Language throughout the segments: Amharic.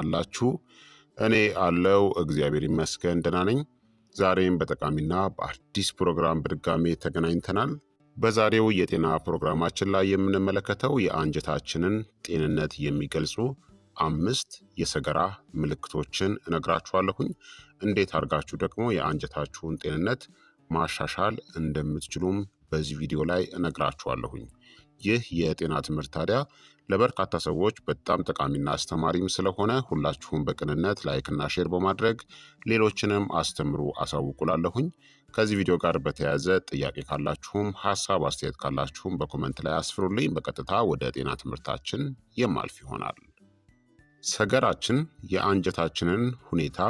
አላችሁ? እኔ አለው እግዚአብሔር ይመስገን ደህና ነኝ። ዛሬም በጠቃሚና በአዲስ ፕሮግራም በድጋሜ ተገናኝተናል። በዛሬው የጤና ፕሮግራማችን ላይ የምንመለከተው የአንጀታችንን ጤንነት የሚገልጹ አምስት የሰገራ ምልክቶችን እነግራችኋለሁኝ። እንዴት አድርጋችሁ ደግሞ የአንጀታችሁን ጤንነት ማሻሻል እንደምትችሉም በዚህ ቪዲዮ ላይ እነግራችኋለሁኝ። ይህ የጤና ትምህርት ታዲያ ለበርካታ ሰዎች በጣም ጠቃሚና አስተማሪም ስለሆነ ሁላችሁም በቅንነት ላይክና ሼር በማድረግ ሌሎችንም አስተምሩ አሳውቁላለሁኝ። ከዚህ ቪዲዮ ጋር በተያያዘ ጥያቄ ካላችሁም ሀሳብ አስተያየት ካላችሁም በኮመንት ላይ አስፍሩልኝ። በቀጥታ ወደ ጤና ትምህርታችን የማልፍ ይሆናል። ሰገራችን የአንጀታችንን ሁኔታ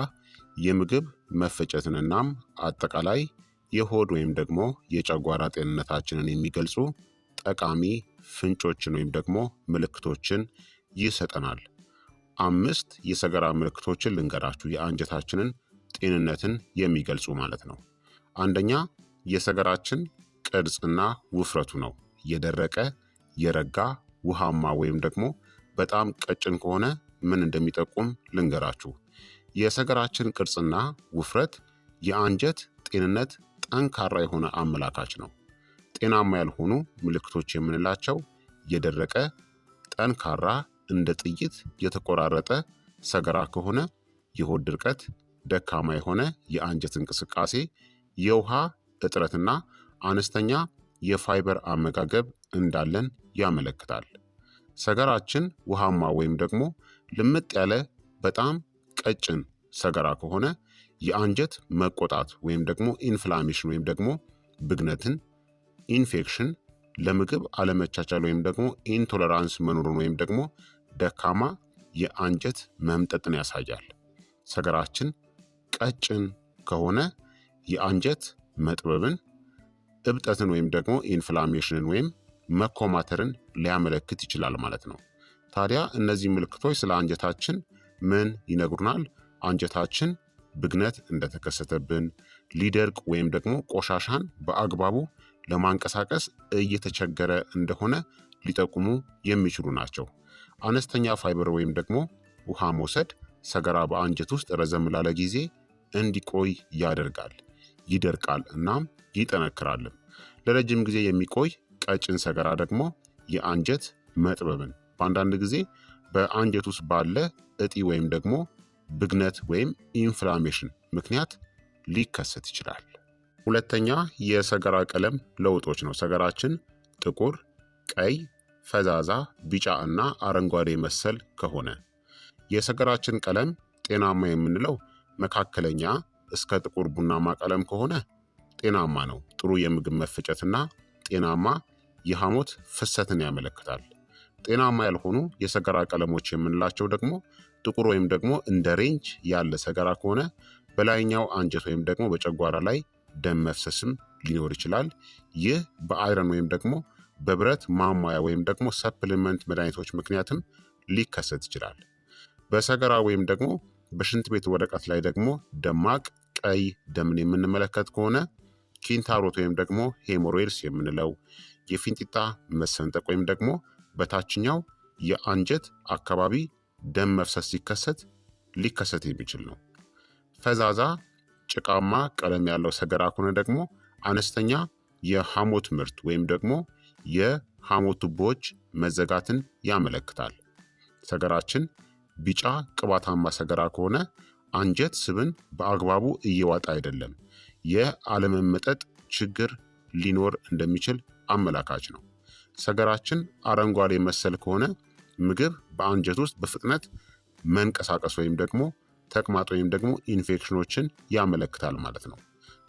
የምግብ መፈጨትንናም አጠቃላይ የሆድ ወይም ደግሞ የጨጓራ ጤንነታችንን የሚገልጹ ጠቃሚ ፍንጮችን ወይም ደግሞ ምልክቶችን ይሰጠናል። አምስት የሰገራ ምልክቶችን ልንገራችሁ የአንጀታችንን ጤንነትን የሚገልጹ ማለት ነው። አንደኛ የሰገራችን ቅርጽና ውፍረቱ ነው። የደረቀ የረጋ ውሃማ ወይም ደግሞ በጣም ቀጭን ከሆነ ምን እንደሚጠቁም ልንገራችሁ። የሰገራችን ቅርጽና ውፍረት የአንጀት ጤንነት ጠንካራ የሆነ አመላካች ነው። ጤናማ ያልሆኑ ምልክቶች የምንላቸው የደረቀ፣ ጠንካራ፣ እንደ ጥይት የተቆራረጠ ሰገራ ከሆነ፣ የሆድ ድርቀት፣ ደካማ የሆነ የአንጀት እንቅስቃሴ፣ የውሃ እጥረትና አነስተኛ የፋይበር አመጋገብ እንዳለን ያመለክታል። ሰገራችን ውሃማ ወይም ደግሞ ልምጥ ያለ በጣም ቀጭን ሰገራ ከሆነ የአንጀት መቆጣት ወይም ደግሞ ኢንፍላሜሽን ወይም ደግሞ ብግነትን ኢንፌክሽን ለምግብ አለመቻቻል ወይም ደግሞ ኢንቶለራንስ መኖሩን ወይም ደግሞ ደካማ የአንጀት መምጠጥን ያሳያል። ሰገራችን ቀጭን ከሆነ የአንጀት መጥበብን፣ እብጠትን ወይም ደግሞ ኢንፍላሜሽንን ወይም መኮማተርን ሊያመለክት ይችላል ማለት ነው። ታዲያ እነዚህ ምልክቶች ስለ አንጀታችን ምን ይነግሩናል? አንጀታችን ብግነት እንደተከሰተብን፣ ሊደርቅ ወይም ደግሞ ቆሻሻን በአግባቡ ለማንቀሳቀስ እየተቸገረ እንደሆነ ሊጠቁሙ የሚችሉ ናቸው። አነስተኛ ፋይበር ወይም ደግሞ ውሃ መውሰድ ሰገራ በአንጀት ውስጥ ረዘም ላለ ጊዜ እንዲቆይ ያደርጋል። ይደርቃል እናም ይጠነክራልም። ለረጅም ጊዜ የሚቆይ ቀጭን ሰገራ ደግሞ የአንጀት መጥበብን በአንዳንድ ጊዜ በአንጀት ውስጥ ባለ እጢ ወይም ደግሞ ብግነት ወይም ኢንፍላሜሽን ምክንያት ሊከሰት ይችላል። ሁለተኛ የሰገራ ቀለም ለውጦች ነው። ሰገራችን ጥቁር፣ ቀይ፣ ፈዛዛ፣ ቢጫ እና አረንጓዴ መሰል ከሆነ የሰገራችን ቀለም ጤናማ የምንለው መካከለኛ እስከ ጥቁር ቡናማ ቀለም ከሆነ ጤናማ ነው። ጥሩ የምግብ መፈጨትና ጤናማ የሐሞት ፍሰትን ያመለክታል። ጤናማ ያልሆኑ የሰገራ ቀለሞች የምንላቸው ደግሞ ጥቁር ወይም ደግሞ እንደ ሬንጅ ያለ ሰገራ ከሆነ በላይኛው አንጀት ወይም ደግሞ በጨጓራ ላይ ደም መፍሰስም ሊኖር ይችላል። ይህ በአይረን ወይም ደግሞ በብረት ማሟያ ወይም ደግሞ ሰፕሊመንት መድኃኒቶች ምክንያትም ሊከሰት ይችላል። በሰገራ ወይም ደግሞ በሽንት ቤት ወረቀት ላይ ደግሞ ደማቅ ቀይ ደምን የምንመለከት ከሆነ ኪንታሮት ወይም ደግሞ ሄሞሮይድስ የምንለው የፊንጢጣ መሰንጠቅ ወይም ደግሞ በታችኛው የአንጀት አካባቢ ደም መፍሰስ ሲከሰት ሊከሰት የሚችል ነው። ፈዛዛ ጭቃማ ቀለም ያለው ሰገራ ከሆነ ደግሞ አነስተኛ የሐሞት ምርት ወይም ደግሞ የሐሞት ቱቦዎች መዘጋትን ያመለክታል። ሰገራችን ቢጫ ቅባታማ ሰገራ ከሆነ አንጀት ስብን በአግባቡ እየዋጠ አይደለም፣ የአለመመጠጥ ችግር ሊኖር እንደሚችል አመላካች ነው። ሰገራችን አረንጓዴ መሰል ከሆነ ምግብ በአንጀት ውስጥ በፍጥነት መንቀሳቀስ ወይም ደግሞ ተቅማጥ ወይም ደግሞ ኢንፌክሽኖችን ያመለክታል ማለት ነው።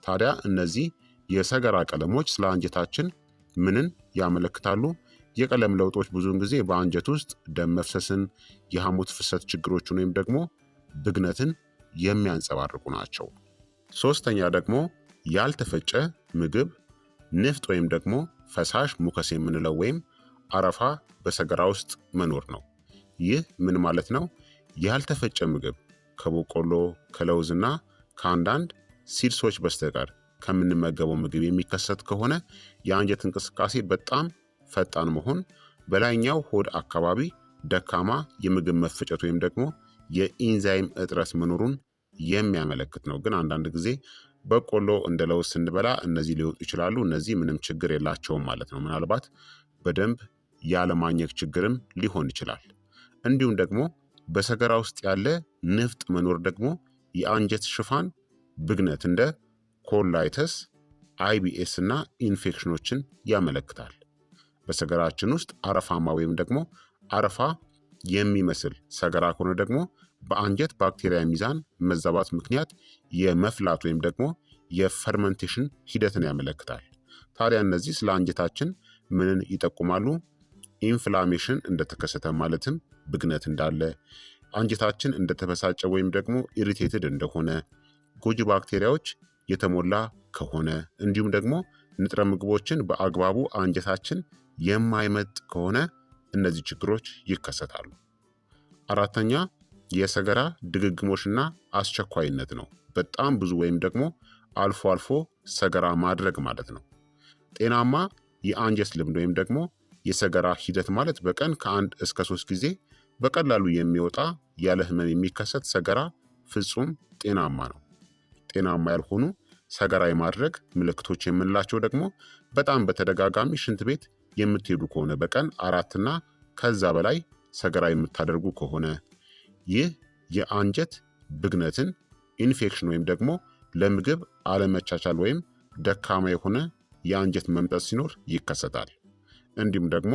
ታዲያ እነዚህ የሰገራ ቀለሞች ስለ አንጀታችን ምንን ያመለክታሉ? የቀለም ለውጦች ብዙውን ጊዜ በአንጀት ውስጥ ደም መፍሰስን፣ የሐሞት ፍሰት ችግሮችን ወይም ደግሞ ብግነትን የሚያንጸባርቁ ናቸው። ሶስተኛ ደግሞ ያልተፈጨ ምግብ፣ ንፍጥ ወይም ደግሞ ፈሳሽ ሙከስ የምንለው ወይም አረፋ በሰገራ ውስጥ መኖር ነው። ይህ ምን ማለት ነው? ያልተፈጨ ምግብ ከበቆሎ ከለውዝና ከአንዳንድ ሲድሶች በስተቀር ከምንመገበው ምግብ የሚከሰት ከሆነ የአንጀት እንቅስቃሴ በጣም ፈጣን መሆን፣ በላይኛው ሆድ አካባቢ ደካማ የምግብ መፈጨት ወይም ደግሞ የኢንዛይም እጥረት መኖሩን የሚያመለክት ነው። ግን አንዳንድ ጊዜ በቆሎ እንደ ለውዝ ስንበላ እነዚህ ሊወጡ ይችላሉ። እነዚህ ምንም ችግር የላቸውም ማለት ነው። ምናልባት በደንብ ያለማኘክ ችግርም ሊሆን ይችላል። እንዲሁም ደግሞ በሰገራ ውስጥ ያለ ንፍጥ መኖር ደግሞ የአንጀት ሽፋን ብግነት እንደ ኮላይተስ፣ አይቢኤስ እና ኢንፌክሽኖችን ያመለክታል። በሰገራችን ውስጥ አረፋማ ወይም ደግሞ አረፋ የሚመስል ሰገራ ከሆነ ደግሞ በአንጀት ባክቴሪያ ሚዛን መዛባት ምክንያት የመፍላት ወይም ደግሞ የፈርመንቴሽን ሂደትን ያመለክታል። ታዲያ እነዚህ ስለ አንጀታችን ምንን ይጠቁማሉ? ኢንፍላሜሽን እንደተከሰተ ማለትም ብግነት እንዳለ አንጀታችን እንደተበሳጨ ወይም ደግሞ ኢሪቴትድ እንደሆነ፣ ጎጂ ባክቴሪያዎች የተሞላ ከሆነ እንዲሁም ደግሞ ንጥረ ምግቦችን በአግባቡ አንጀታችን የማይመጥ ከሆነ እነዚህ ችግሮች ይከሰታሉ። አራተኛ የሰገራ ድግግሞሽና አስቸኳይነት ነው። በጣም ብዙ ወይም ደግሞ አልፎ አልፎ ሰገራ ማድረግ ማለት ነው። ጤናማ የአንጀት ልምድ ወይም ደግሞ የሰገራ ሂደት ማለት በቀን ከአንድ እስከ ሶስት ጊዜ በቀላሉ የሚወጣ ያለ ህመም የሚከሰት ሰገራ ፍጹም ጤናማ ነው። ጤናማ ያልሆኑ ሰገራ የማድረግ ምልክቶች የምንላቸው ደግሞ በጣም በተደጋጋሚ ሽንት ቤት የምትሄዱ ከሆነ በቀን አራትና ከዛ በላይ ሰገራ የምታደርጉ ከሆነ ይህ የአንጀት ብግነትን፣ ኢንፌክሽን ወይም ደግሞ ለምግብ አለመቻቻል ወይም ደካማ የሆነ የአንጀት መምጠጥ ሲኖር ይከሰታል። እንዲሁም ደግሞ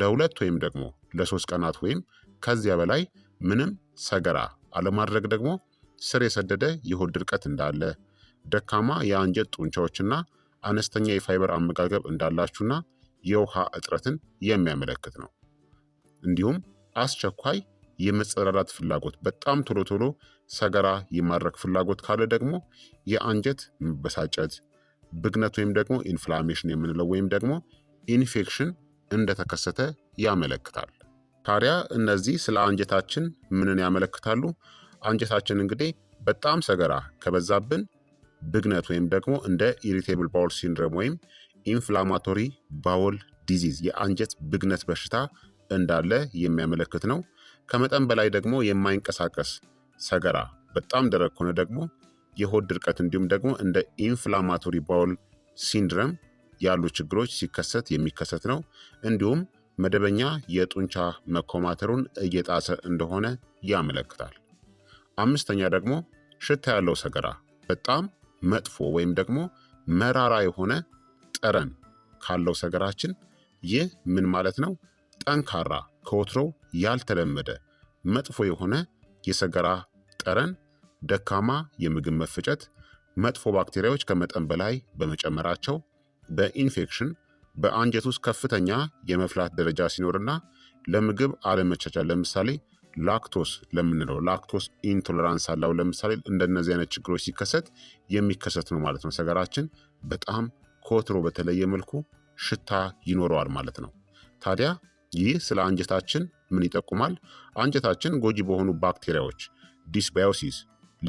ለሁለት ወይም ደግሞ ለሶስት ቀናት ወይም ከዚያ በላይ ምንም ሰገራ አለማድረግ ደግሞ ስር የሰደደ የሆድ ድርቀት እንዳለ፣ ደካማ የአንጀት ጡንቻዎችና አነስተኛ የፋይበር አመጋገብ እንዳላችሁና የውሃ እጥረትን የሚያመለክት ነው። እንዲሁም አስቸኳይ የመጸዳዳት ፍላጎት፣ በጣም ቶሎ ቶሎ ሰገራ የማድረግ ፍላጎት ካለ ደግሞ የአንጀት መበሳጨት፣ ብግነት ወይም ደግሞ ኢንፍላሜሽን የምንለው ወይም ደግሞ ኢንፌክሽን እንደተከሰተ ያመለክታል። ታዲያ እነዚህ ስለ አንጀታችን ምንን ያመለክታሉ? አንጀታችን እንግዲህ በጣም ሰገራ ከበዛብን ብግነት ወይም ደግሞ እንደ ኢሪቴብል ባውል ሲንድሮም ወይም ኢንፍላማቶሪ ባውል ዲዚዝ የአንጀት ብግነት በሽታ እንዳለ የሚያመለክት ነው። ከመጠን በላይ ደግሞ የማይንቀሳቀስ ሰገራ፣ በጣም ደረቅ ከሆነ ደግሞ የሆድ ድርቀት፣ እንዲሁም ደግሞ እንደ ኢንፍላማቶሪ ባውል ሲንድረም ያሉ ችግሮች ሲከሰት የሚከሰት ነው። እንዲሁም መደበኛ የጡንቻ መኮማተሩን እየጣሰ እንደሆነ ያመለክታል። አምስተኛ ደግሞ ሽታ ያለው ሰገራ በጣም መጥፎ ወይም ደግሞ መራራ የሆነ ጠረን ካለው ሰገራችን ይህ ምን ማለት ነው? ጠንካራ ከወትሮው ያልተለመደ መጥፎ የሆነ የሰገራ ጠረን፣ ደካማ የምግብ መፈጨት፣ መጥፎ ባክቴሪያዎች ከመጠን በላይ በመጨመራቸው በኢንፌክሽን በአንጀት ውስጥ ከፍተኛ የመፍላት ደረጃ ሲኖርና ለምግብ አለመቻቻል ለምሳሌ ላክቶስ ለምንለው ላክቶስ ኢንቶለራንስ አለው ለምሳሌ እንደነዚህ አይነት ችግሮች ሲከሰት የሚከሰት ነው ማለት ነው። ሰገራችን በጣም ከወትሮ በተለየ መልኩ ሽታ ይኖረዋል ማለት ነው። ታዲያ ይህ ስለ አንጀታችን ምን ይጠቁማል? አንጀታችን ጎጂ በሆኑ ባክቴሪያዎች ዲስባዮሲስ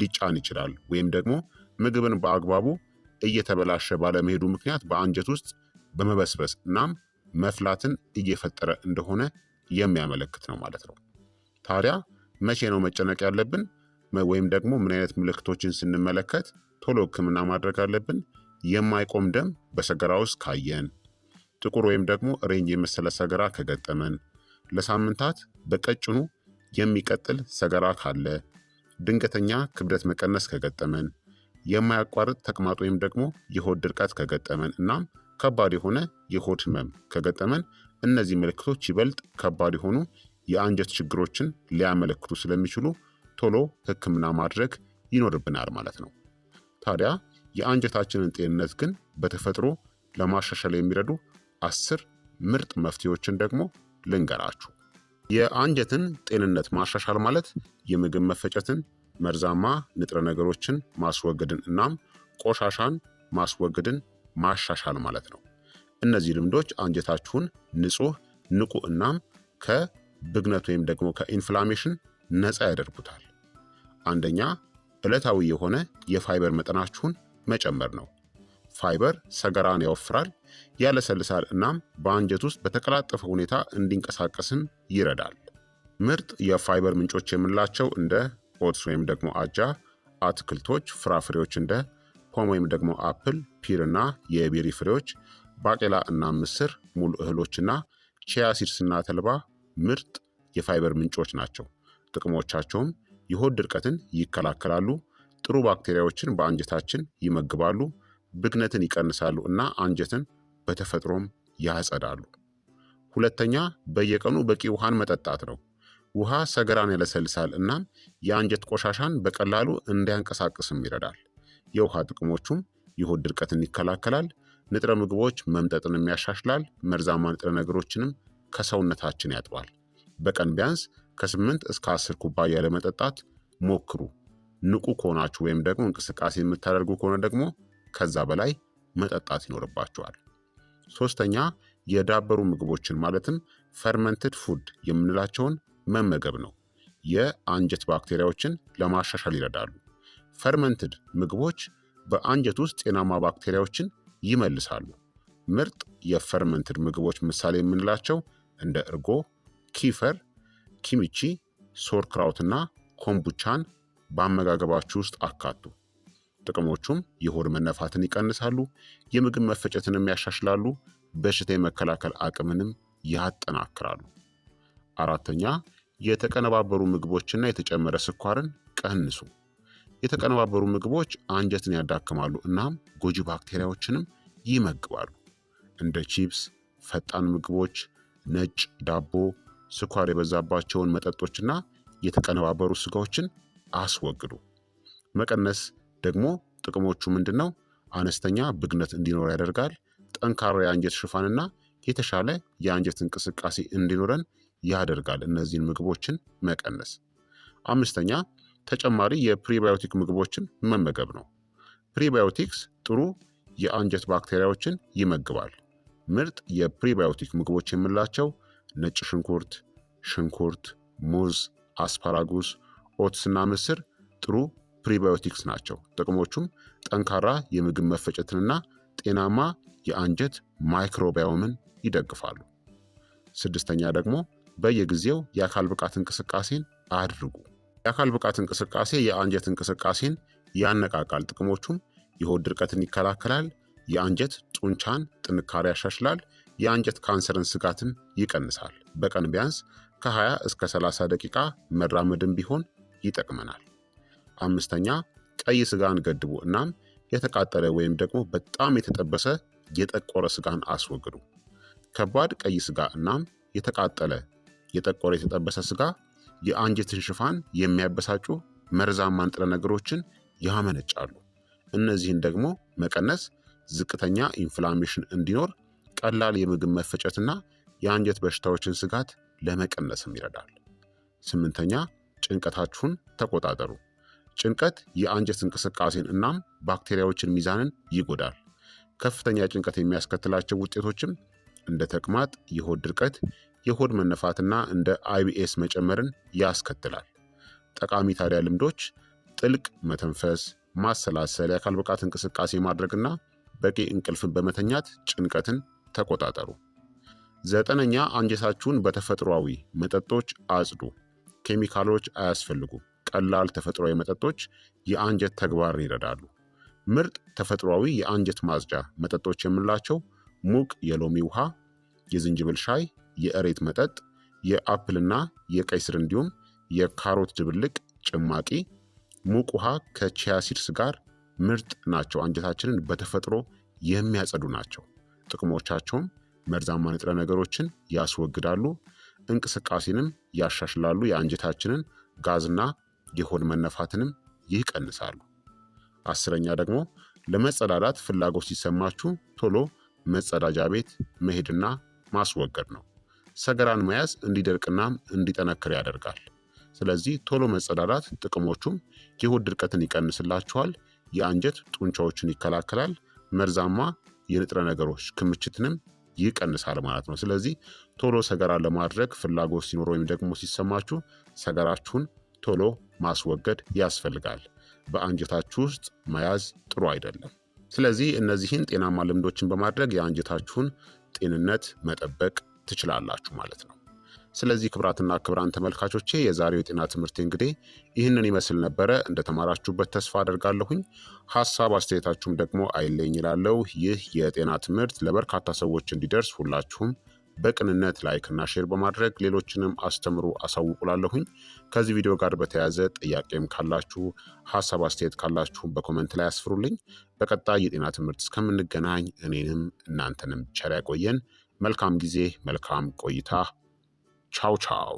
ሊጫን ይችላል ወይም ደግሞ ምግብን በአግባቡ እየተበላሸ ባለመሄዱ ምክንያት በአንጀት ውስጥ በመበስበስ እናም መፍላትን እየፈጠረ እንደሆነ የሚያመለክት ነው ማለት ነው። ታዲያ መቼ ነው መጨነቅ ያለብን ወይም ደግሞ ምን አይነት ምልክቶችን ስንመለከት ቶሎ ሕክምና ማድረግ አለብን? የማይቆም ደም በሰገራ ውስጥ ካየን፣ ጥቁር ወይም ደግሞ ሬንጅ የመሰለ ሰገራ ከገጠመን፣ ለሳምንታት በቀጭኑ የሚቀጥል ሰገራ ካለ፣ ድንገተኛ ክብደት መቀነስ ከገጠመን፣ የማያቋርጥ ተቅማጥ ወይም ደግሞ የሆድ ድርቀት ከገጠመን እናም ከባድ የሆነ የሆድ ህመም ከገጠመን እነዚህ ምልክቶች ይበልጥ ከባድ የሆኑ የአንጀት ችግሮችን ሊያመለክቱ ስለሚችሉ ቶሎ ህክምና ማድረግ ይኖርብናል ማለት ነው። ታዲያ የአንጀታችንን ጤንነት ግን በተፈጥሮ ለማሻሻል የሚረዱ አስር ምርጥ መፍትሄዎችን ደግሞ ልንገራችሁ። የአንጀትን ጤንነት ማሻሻል ማለት የምግብ መፈጨትን፣ መርዛማ ንጥረ ነገሮችን ማስወገድን እናም ቆሻሻን ማስወገድን ማሻሻል ማለት ነው። እነዚህ ልምዶች አንጀታችሁን ንጹህ፣ ንቁ እናም ከብግነት ወይም ደግሞ ከኢንፍላሜሽን ነፃ ያደርጉታል። አንደኛ ዕለታዊ የሆነ የፋይበር መጠናችሁን መጨመር ነው። ፋይበር ሰገራን ያወፍራል፣ ያለሰልሳል እናም በአንጀት ውስጥ በተቀላጠፈ ሁኔታ እንዲንቀሳቀስም ይረዳል። ምርጥ የፋይበር ምንጮች የምንላቸው እንደ ኦትስ ወይም ደግሞ አጃ፣ አትክልቶች፣ ፍራፍሬዎች እንደ ፖም ወይም ደግሞ አፕል፣ ፒርና የቤሪ ፍሬዎች፣ ባቄላ እና ምስር፣ ሙሉ እህሎችና ቺያ ሲድስና ተልባ ምርጥ የፋይበር ምንጮች ናቸው። ጥቅሞቻቸውም የሆድ ድርቀትን ይከላከላሉ፣ ጥሩ ባክቴሪያዎችን በአንጀታችን ይመግባሉ፣ ብግነትን ይቀንሳሉ እና አንጀትን በተፈጥሮም ያጸዳሉ። ሁለተኛ በየቀኑ በቂ ውሃን መጠጣት ነው። ውሃ ሰገራን ያለሰልሳል እናም የአንጀት ቆሻሻን በቀላሉ እንዲያንቀሳቅስም ይረዳል። የውሃ ጥቅሞቹም የሆድ ድርቀትን ይከላከላል። ንጥረ ምግቦች መምጠጥንም ያሻሽላል። መርዛማ ንጥረ ነገሮችንም ከሰውነታችን ያጥባል። በቀን ቢያንስ ከ8 እስከ 10 ኩባያ ለመጠጣት ሞክሩ። ንቁ ከሆናችሁ ወይም ደግሞ እንቅስቃሴ የምታደርጉ ከሆነ ደግሞ ከዛ በላይ መጠጣት ይኖርባችኋል። ሶስተኛ የዳበሩ ምግቦችን ማለትም ፈርመንትድ ፉድ የምንላቸውን መመገብ ነው። የአንጀት ባክቴሪያዎችን ለማሻሻል ይረዳሉ። ፈርመንትድ ምግቦች በአንጀት ውስጥ ጤናማ ባክቴሪያዎችን ይመልሳሉ። ምርጥ የፈርመንትድ ምግቦች ምሳሌ የምንላቸው እንደ እርጎ፣ ኪፈር፣ ኪሚቺ፣ ሶርክራውትና ኮምቡቻን በአመጋገባችሁ ውስጥ አካቱ። ጥቅሞቹም የሆድ መነፋትን ይቀንሳሉ፣ የምግብ መፈጨትንም ያሻሽላሉ፣ በሽታ የመከላከል አቅምንም ያጠናክራሉ። አራተኛ የተቀነባበሩ ምግቦችና የተጨመረ ስኳርን ቀንሱ። የተቀነባበሩ ምግቦች አንጀትን ያዳክማሉ እናም ጎጂ ባክቴሪያዎችንም ይመግባሉ። እንደ ቺፕስ፣ ፈጣን ምግቦች፣ ነጭ ዳቦ፣ ስኳር የበዛባቸውን መጠጦችና የተቀነባበሩ ስጋዎችን አስወግዱ። መቀነስ ደግሞ ጥቅሞቹ ምንድን ነው? አነስተኛ ብግነት እንዲኖር ያደርጋል። ጠንካራ የአንጀት ሽፋንና የተሻለ የአንጀት እንቅስቃሴ እንዲኖረን ያደርጋል። እነዚህን ምግቦችን መቀነስ። አምስተኛ ተጨማሪ የፕሪባዮቲክ ምግቦችን መመገብ ነው። ፕሪባዮቲክስ ጥሩ የአንጀት ባክቴሪያዎችን ይመግባል። ምርጥ የፕሪባዮቲክ ምግቦች የምንላቸው ነጭ ሽንኩርት፣ ሽንኩርት፣ ሙዝ፣ አስፓራጉስ፣ ኦትስና ምስር ጥሩ ፕሪባዮቲክስ ናቸው። ጥቅሞቹም ጠንካራ የምግብ መፈጨትንና ጤናማ የአንጀት ማይክሮባዮምን ይደግፋሉ። ስድስተኛ ደግሞ በየጊዜው የአካል ብቃት እንቅስቃሴን አድርጉ። የአካል ብቃት እንቅስቃሴ የአንጀት እንቅስቃሴን ያነቃቃል። ጥቅሞቹም የሆድ ድርቀትን ይከላከላል፣ የአንጀት ጡንቻን ጥንካሬ ያሻሽላል፣ የአንጀት ካንሰርን ስጋትን ይቀንሳል። በቀን ቢያንስ ከ20 እስከ 30 ደቂቃ መራመድም ቢሆን ይጠቅመናል። አምስተኛ ቀይ ስጋን ገድቡ። እናም የተቃጠለ ወይም ደግሞ በጣም የተጠበሰ የጠቆረ ስጋን አስወግዱ። ከባድ ቀይ ስጋ እናም የተቃጠለ የጠቆረ የተጠበሰ ስጋ የአንጀትን ሽፋን የሚያበሳጩ መርዛማ ንጥረ ነገሮችን ያመነጫሉ። እነዚህን ደግሞ መቀነስ ዝቅተኛ ኢንፍላሜሽን እንዲኖር ቀላል የምግብ መፈጨትና የአንጀት በሽታዎችን ስጋት ለመቀነስም ይረዳል። ስምንተኛ ጭንቀታችሁን ተቆጣጠሩ። ጭንቀት የአንጀት እንቅስቃሴን እናም ባክቴሪያዎችን ሚዛንን ይጎዳል። ከፍተኛ ጭንቀት የሚያስከትላቸው ውጤቶችም እንደ ተቅማጥ፣ የሆድ ድርቀት፣ የሆድ መነፋትና እንደ አይቢኤስ መጨመርን ያስከትላል። ጠቃሚ ታዲያ ልምዶች ጥልቅ መተንፈስ፣ ማሰላሰል፣ የአካል ብቃት እንቅስቃሴ ማድረግና በቂ እንቅልፍን በመተኛት ጭንቀትን ተቆጣጠሩ። ዘጠነኛ አንጀታችሁን በተፈጥሯዊ መጠጦች አጽዱ። ኬሚካሎች አያስፈልጉም። ቀላል ተፈጥሯዊ መጠጦች የአንጀት ተግባርን ይረዳሉ። ምርጥ ተፈጥሯዊ የአንጀት ማጽጃ መጠጦች የምንላቸው ሙቅ የሎሚ ውሃ፣ የዝንጅብል ሻይ፣ የእሬት መጠጥ፣ የአፕልና የቀይ ስር እንዲሁም የካሮት ድብልቅ ጭማቂ፣ ሙቅ ውሃ ከቺያሲድስ ጋር ምርጥ ናቸው። አንጀታችንን በተፈጥሮ የሚያጸዱ ናቸው። ጥቅሞቻቸውም መርዛማ ንጥረ ነገሮችን ያስወግዳሉ፣ እንቅስቃሴንም ያሻሽላሉ፣ የአንጀታችንን ጋዝና የሆድ መነፋትንም ይቀንሳሉ። አስረኛ ደግሞ ለመጸዳዳት ፍላጎት ሲሰማችሁ ቶሎ መጸዳጃ ቤት መሄድና ማስወገድ ነው። ሰገራን መያዝ እንዲደርቅና እንዲጠነክር ያደርጋል። ስለዚህ ቶሎ መጸዳዳት ጥቅሞቹም የሆድ ድርቀትን ይቀንስላችኋል፣ የአንጀት ጡንቻዎችን ይከላከላል፣ መርዛማ የንጥረ ነገሮች ክምችትንም ይቀንሳል ማለት ነው። ስለዚህ ቶሎ ሰገራን ለማድረግ ፍላጎት ሲኖር ወይም ደግሞ ሲሰማችሁ ሰገራችሁን ቶሎ ማስወገድ ያስፈልጋል። በአንጀታችሁ ውስጥ መያዝ ጥሩ አይደለም። ስለዚህ እነዚህን ጤናማ ልምዶችን በማድረግ የአንጀታችሁን ጤንነት መጠበቅ ትችላላችሁ ማለት ነው። ስለዚህ ክብራትና ክብራን ተመልካቾቼ የዛሬው የጤና ትምህርት እንግዲህ ይህንን ይመስል ነበረ። እንደተማራችሁበት ተስፋ አደርጋለሁኝ። ሀሳብ አስተያየታችሁም ደግሞ አይለኝ ይላለው። ይህ የጤና ትምህርት ለበርካታ ሰዎች እንዲደርስ ሁላችሁም በቅንነት ላይክና ሼር በማድረግ ሌሎችንም አስተምሩ አሳውቁላለሁኝ። ከዚህ ቪዲዮ ጋር በተያያዘ ጥያቄም ካላችሁ ሀሳብ አስተያየት ካላችሁም በኮመንት ላይ አስፍሩልኝ። በቀጣይ የጤና ትምህርት እስከምንገናኝ እኔንም እናንተንም ቸር ያቆየን። መልካም ጊዜ፣ መልካም ቆይታ። ቻው ቻው